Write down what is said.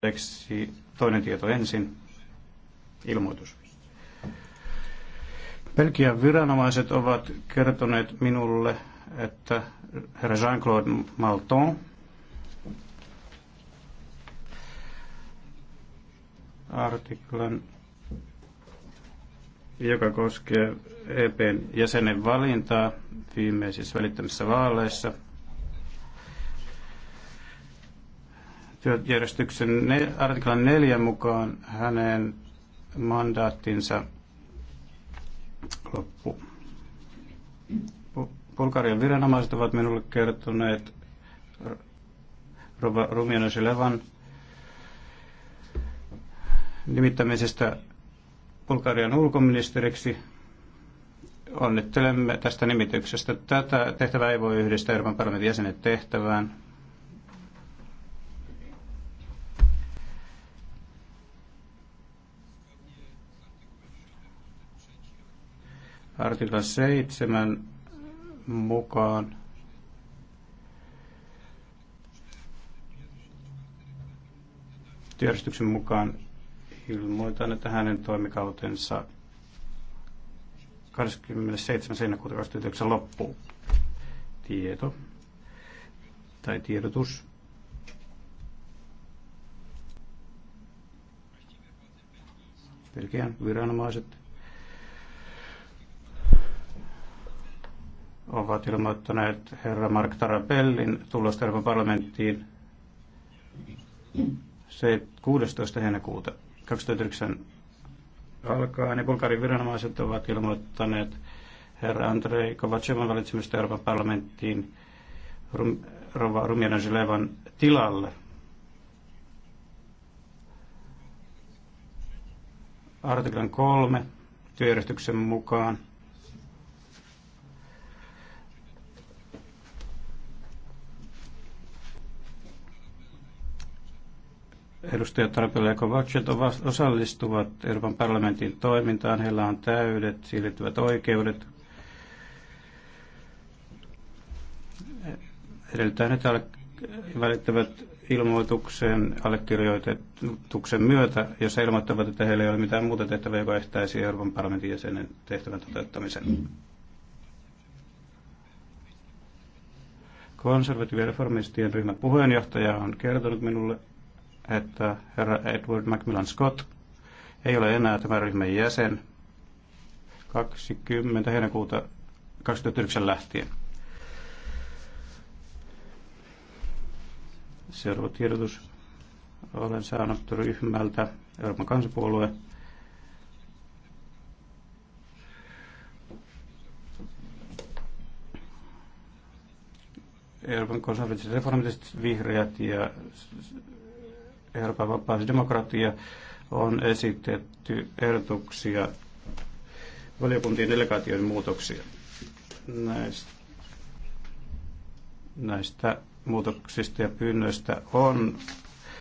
Teksti toinen tieto ensin. Ilmoitus. Belgian viranomaiset ovat kertoneet minulle, että herra Jean-Claude Malton artiklan, joka koskee EPn jäsenen valintaa viimeisissä välittämissä vaaleissa, työjärjestyksen ne, artiklan 4 mukaan hänen mandaattinsa loppu. Bulgarian viranomaiset ovat minulle kertoneet Rumjanosi Levan nimittämisestä Bulgarian ulkoministeriksi. Onnittelemme tästä nimityksestä. Tätä tehtävää ei voi yhdistää Euroopan parlamentin jäsenet tehtävään. Artikla 7 mukaan työjärjestyksen mukaan ilmoitan, että hänen toimikautensa 27. heinäkuuta 2009 loppuu. Tieto tai tiedotus. Belgian viranomaiset ovat ilmoittaneet herra Mark Tarabellin tulosta Euroopan parlamenttiin 16. heinäkuuta 2009 alkaen niin Bulgarin viranomaiset ovat ilmoittaneet herra Andrei Kovacevan valitsemista Euroopan parlamenttiin Rum, Rova Rumiana Zilevan tilalle. Artiklan 3 työjärjestyksen mukaan edustajat Tarpele ja Kovacet osallistuvat Euroopan parlamentin toimintaan. Heillä on täydet, siirrettyvät oikeudet. Edellytään, että välittävät ilmoituksen allekirjoituksen myötä, jos he ilmoittavat, että heillä ei ole mitään muuta tehtävää, joka estäisi Euroopan parlamentin jäsenen tehtävän toteuttamisen. reformistien ryhmän puheenjohtaja on kertonut minulle, että herra Edward Macmillan Scott ei ole enää tämän ryhmän jäsen 20. heinäkuuta 2009 lähtien. Seuraava tiedotus. Olen saanut ryhmältä Euroopan kansapuolue Euroopan konservatiiviset reformistit, vihreät ja Euroopan vapaus demokratia on esitetty ehdotuksia valiokuntien delegaation muutoksia. Näistä, näistä muutoksista ja pyynnöistä on